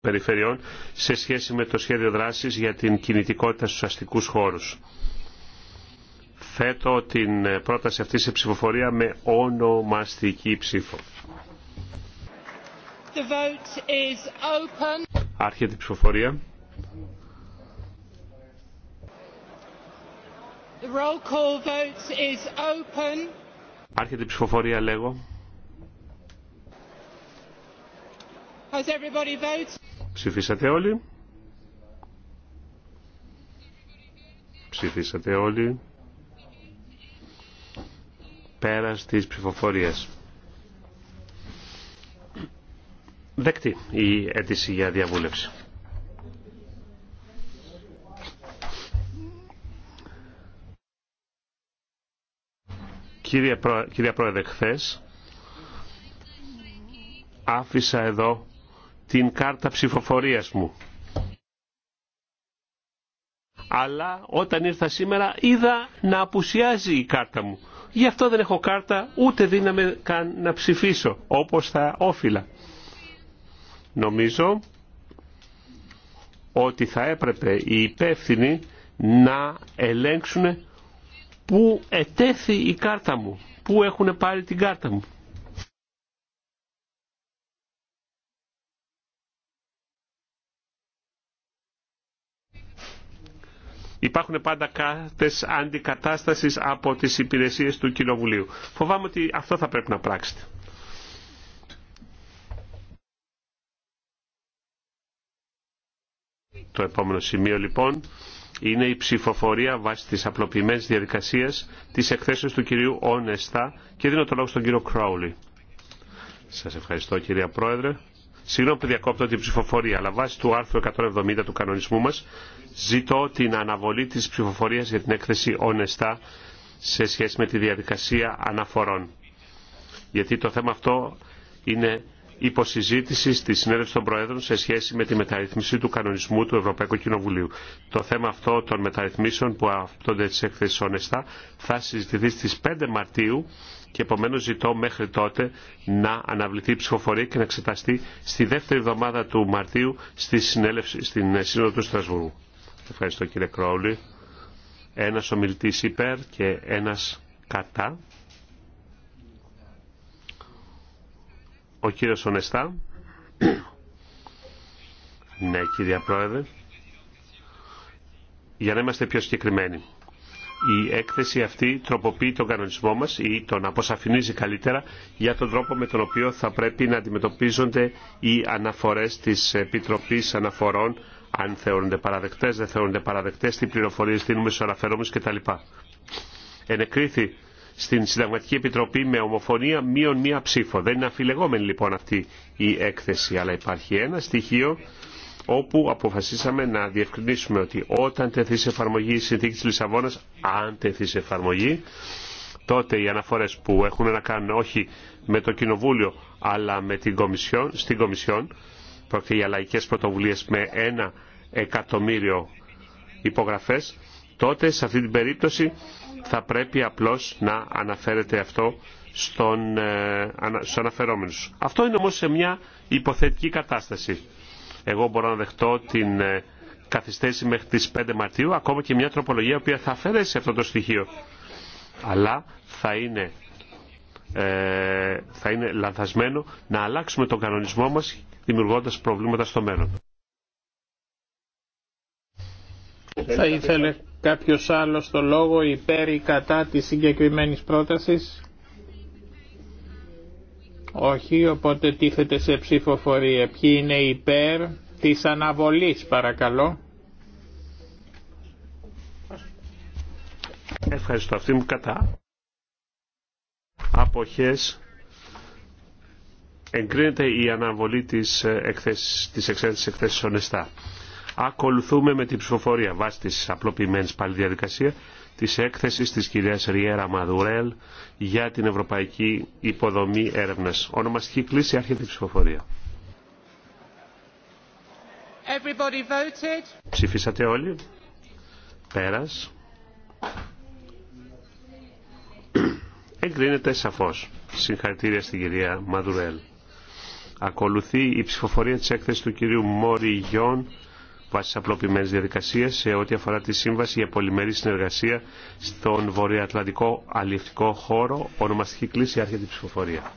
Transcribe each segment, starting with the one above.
περιφερειών σε σχέση με το σχέδιο δράσης για την κινητικότητα στους αστικούς χώρους. Θέτω την πρόταση αυτή σε ψηφοφορία με ονομαστική ψήφο. The vote is open. Άρχεται η ψηφοφορία. The roll call vote is open. Άρχεται η ψηφοφορία, λέγω. Has everybody voted? Ψηφίσατε όλοι. Ψηφίσατε όλοι. Πέρας της ψηφοφορίας. Δεκτή η αίτηση για διαβούλευση. Κύριε Πρόεδρε, χθε άφησα εδώ την κάρτα ψηφοφορίας μου. Αλλά όταν ήρθα σήμερα είδα να απουσιάζει η κάρτα μου. Γι' αυτό δεν έχω κάρτα, ούτε δύναμη καν να ψηφίσω, όπως θα όφυλα. Νομίζω ότι θα έπρεπε οι υπεύθυνοι να ελέγξουν πού ετέθη η κάρτα μου, πού έχουν πάρει την κάρτα μου. υπάρχουν πάντα κάρτες αντικατάστασης από τις υπηρεσίες του Κοινοβουλίου. Φοβάμαι ότι αυτό θα πρέπει να πράξετε. Το επόμενο σημείο λοιπόν είναι η ψηφοφορία βάσει της απλοποιημένης διαδικασίας της εκθέσεως του κυρίου Όνεστα και δίνω το λόγο στον κύριο Κρόουλη. Σας ευχαριστώ κυρία Πρόεδρε. Συγγνώμη που διακόπτω την ψηφοφορία, αλλά βάσει του άρθρου 170 του κανονισμού μας ζητώ την αναβολή της ψηφοφορίας για την έκθεση όνεστα σε σχέση με τη διαδικασία αναφορών. Γιατί το θέμα αυτό είναι υποσυζήτηση στη συνέλευση των Προέδρων σε σχέση με τη μεταρρύθμιση του κανονισμού του Ευρωπαϊκού Κοινοβουλίου. Το θέμα αυτό των μεταρρυθμίσεων που αυτόνται τι εκθέσει όνεστα θα συζητηθεί στι 5 Μαρτίου και επομένως ζητώ μέχρι τότε να αναβληθεί η ψηφοφορία και να εξεταστεί στη δεύτερη εβδομάδα του Μαρτίου στην Σύνοδο του Στρασβούργου. Ευχαριστώ κύριε Κρόουλη. Ένας ομιλητής υπέρ και ένας κατά. Ο κύριος Ωνεστά, ναι, κύριε Πρόεδρε. Για να είμαστε πιο συγκεκριμένοι. Η έκθεση αυτή τροποποιεί τον κανονισμό μας ή τον αποσαφηνίζει καλύτερα για τον τρόπο με τον οποίο θα πρέπει να αντιμετωπίζονται οι αναφορές της Επιτροπής Αναφορών αν θεωρούνται παραδεκτές, δεν θεωρούνται παραδεκτές, τι πληροφορίες δίνουμε στους αναφερόμενους κτλ. Ενεκρίθη στην Συνταγματική Επιτροπή με ομοφωνία μείον μία ψήφο. Δεν είναι αφιλεγόμενη λοιπόν αυτή η έκθεση, αλλά υπάρχει ένα στοιχείο όπου αποφασίσαμε να διευκρινίσουμε ότι όταν τεθεί σε εφαρμογή η συνθήκη της Λισαβόνας, αν τεθεί σε εφαρμογή, τότε οι αναφορές που έχουν να κάνουν όχι με το Κοινοβούλιο αλλά με την Κομισιόν, στην Κομισιόν, πρόκειται για λαϊκές πρωτοβουλίες με ένα εκατομμύριο υπογραφές, τότε σε αυτή την περίπτωση θα πρέπει απλώς να αναφέρεται αυτό στον, ε, στους αναφερόμενους. Αυτό είναι όμως σε μια υποθετική κατάσταση. Εγώ μπορώ να δεχτώ την ε, καθυστέρηση μέχρι τις 5 Μαρτίου, ακόμα και μια τροπολογία που θα αφαιρέσει αυτό το στοιχείο. Αλλά θα είναι, ε, θα είναι λανθασμένο να αλλάξουμε τον κανονισμό μας δημιουργώντας προβλήματα στο μέλλον. Θα ήθελε κάποιος άλλος το λόγο υπέρ ή κατά της συγκεκριμένης πρότασης. Όχι, οπότε τίθεται σε ψηφοφορία. Ποιοι είναι υπέρ της αναβολής παρακαλώ. Ευχαριστώ αυτή μου κατά. Αποχές. Εγκρίνεται η αναβολή της, ε, εκθέσης, της εξαίρεσης εκθέσης εκθεσης εκθεσεις εξαιρεσης ακολουθούμε με την ψηφοφορία βάσει της απλοποιημένης πάλι διαδικασία της έκθεσης της κυρίας Ριέρα Μαδουρέλ για την Ευρωπαϊκή Υποδομή Έρευνας. Ονομαστική κλίση άρχεται η ψηφοφορία. Ψηφίσατε όλοι. Πέρας. Εγκρίνεται σαφώς. Συγχαρητήρια στην κυρία Μαδουρέλ. Ακολουθεί η ψηφοφορία της έκθεσης του κυρίου Μόρι Γιόν βάσει απλοποιημένη διαδικασίε σε ό,τι αφορά τη Σύμβαση για Πολυμερή Συνεργασία στον Βορειοατλαντικό Αλληλευτικό Χώρο. Ονομαστική κλίση, άρχεται η ψηφοφορία.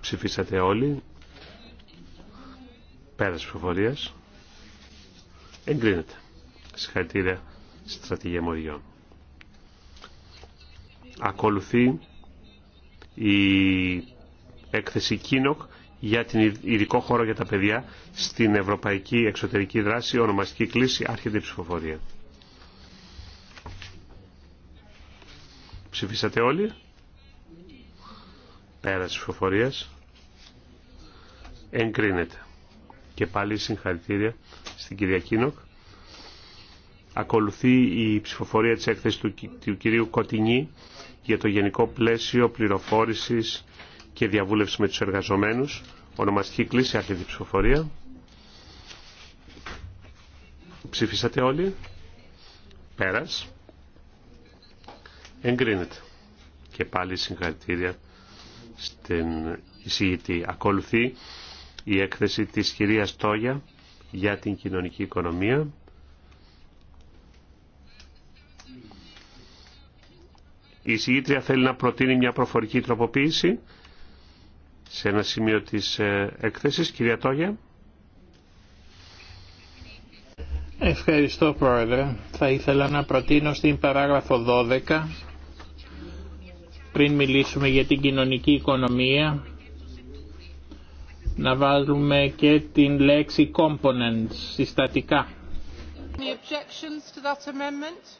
Ψηφίσατε όλοι. τη ψηφοφορία. Εγκρίνεται. Συγχαρητήρια στη στρατηγία Μοριών. Ακολουθεί η έκθεση Κίνοκ για την ειδικό χώρο για τα παιδιά στην Ευρωπαϊκή Εξωτερική Δράση, ονομαστική κλίση, άρχεται η ψηφοφορία. Ψηφίσατε όλοι. Πέραση ψηφοφορίας. Εγκρίνεται. Και πάλι συγχαρητήρια στην κυρία Κίνοκ. Ακολουθεί η ψηφοφορία της έκθεσης του, κυρίου Κοτινή για το Γενικό Πλαίσιο Πληροφόρησης και διαβούλευση με τους εργαζομένους. Ονομαστική κλίση, άρχιδη ψηφοφορία. Ψηφίσατε όλοι. Πέρας. Εγκρίνεται. Και πάλι συγχαρητήρια στην εισηγητή. Ακολουθεί η έκθεση της κυρίας Τόγια για την κοινωνική οικονομία. Η εισηγήτρια θέλει να προτείνει μια προφορική τροποποίηση σε ένα σημείο της ε, έκθεσης. Κυρία Τόγια. Ευχαριστώ Πρόεδρε. Θα ήθελα να προτείνω στην παράγραφο 12 πριν μιλήσουμε για την κοινωνική οικονομία να βάζουμε και την λέξη components συστατικά.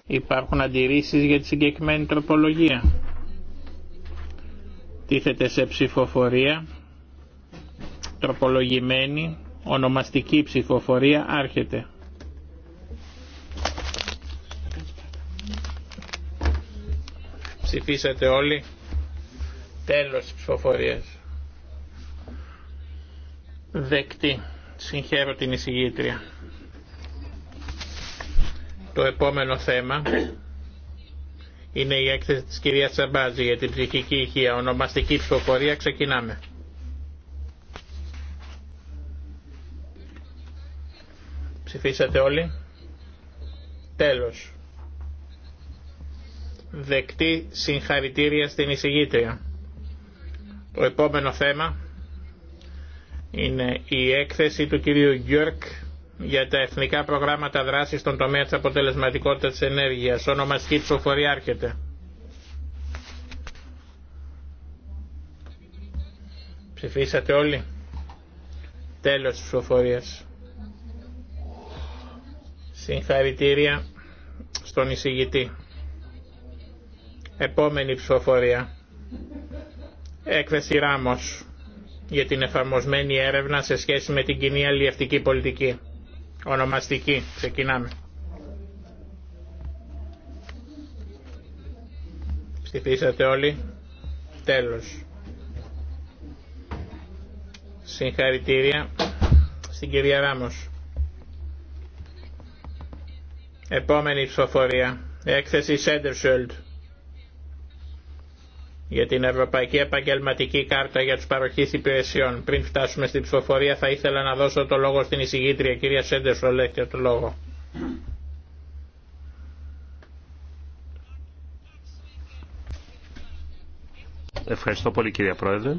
Υπάρχουν αντιρρήσεις για τη συγκεκριμένη τροπολογία. Τίθεται σε ψηφοφορία, τροπολογημένη, ονομαστική ψηφοφορία, άρχεται. Ψηφίσατε όλοι. Τέλος ψηφοφορίας. Δεκτή. Συγχαίρω την εισηγήτρια. Το επόμενο θέμα είναι η έκθεση της κυρίας Σαμπάζη για την ψυχική ηχεία Ονομαστική ψηφοφορία. Ξεκινάμε. Ψηφίσατε όλοι. Τέλος. Δεκτή συγχαρητήρια στην εισηγήτρια. Το επόμενο θέμα είναι η έκθεση του κυρίου Γιώργκ για τα εθνικά προγράμματα δράσης στον τομέα της αποτελεσματικότητας τη ενέργειας. Ονομαστική ψηφοφορία έρχεται. Ψηφίσατε όλοι. Τέλος τη ψηφοφορίας. Συγχαρητήρια στον εισηγητή. Επόμενη ψηφοφορία. Έκθεση Ράμος για την εφαρμοσμένη έρευνα σε σχέση με την κοινή αλληλευτική πολιτική. Ονομαστική. Ξεκινάμε. Ψηφίσατε όλοι. Τέλος. Συγχαρητήρια στην κυρία Ράμος. Επόμενη ψηφοφορία. Έκθεση Σέντερσολτ για την Ευρωπαϊκή Επαγγελματική Κάρτα για τους παροχείς υπηρεσιών. Πριν φτάσουμε στην ψηφοφορία θα ήθελα να δώσω το λόγο στην εισηγήτρια κυρία Σέντερ Σολέχτια το λόγο. Ευχαριστώ πολύ κυρία Πρόεδρε.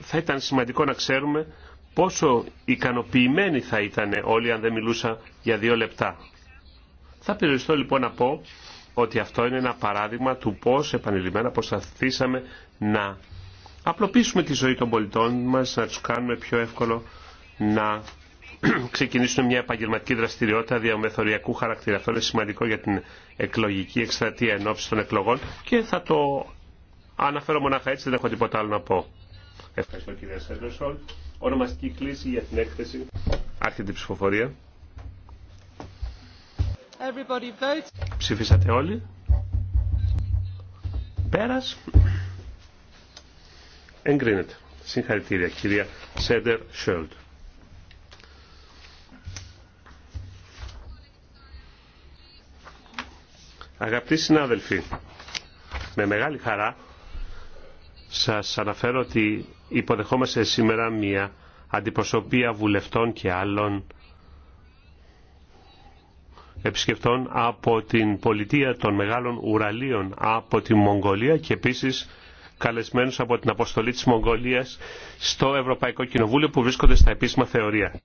Θα ήταν σημαντικό να ξέρουμε πόσο ικανοποιημένοι θα ήταν όλοι αν δεν μιλούσα για δύο λεπτά. Θα περιοριστώ λοιπόν να πω ότι αυτό είναι ένα παράδειγμα του πώς επανειλημμένα προσπαθήσαμε να απλοποιήσουμε τη ζωή των πολιτών μας, να τους κάνουμε πιο εύκολο να ξεκινήσουν μια επαγγελματική δραστηριότητα διαμεθοριακού χαρακτήρα. Αυτό είναι σημαντικό για την εκλογική εκστρατεία ενόψη των εκλογών και θα το αναφέρω μονάχα έτσι, δεν έχω τίποτα άλλο να πω. Ευχαριστώ κυρία Σέντερσον. Ονομαστική κλίση για την έκθεση. Άρχεται η ψηφοφορία. Ψηφίσατε όλοι. Πέρας. Εγκρίνεται. Συγχαρητήρια κυρία Σέντερ Σόλτ. Αγαπητοί συνάδελφοι, με μεγάλη χαρά σας αναφέρω ότι υποδεχόμαστε σήμερα μια αντιπροσωπεία βουλευτών και άλλων επισκεφτών από την πολιτεία των μεγάλων ουραλίων από τη Μογγολία και επίσης καλεσμένους από την αποστολή της Μογγολίας στο Ευρωπαϊκό Κοινοβούλιο που βρίσκονται στα επίσημα θεωρία.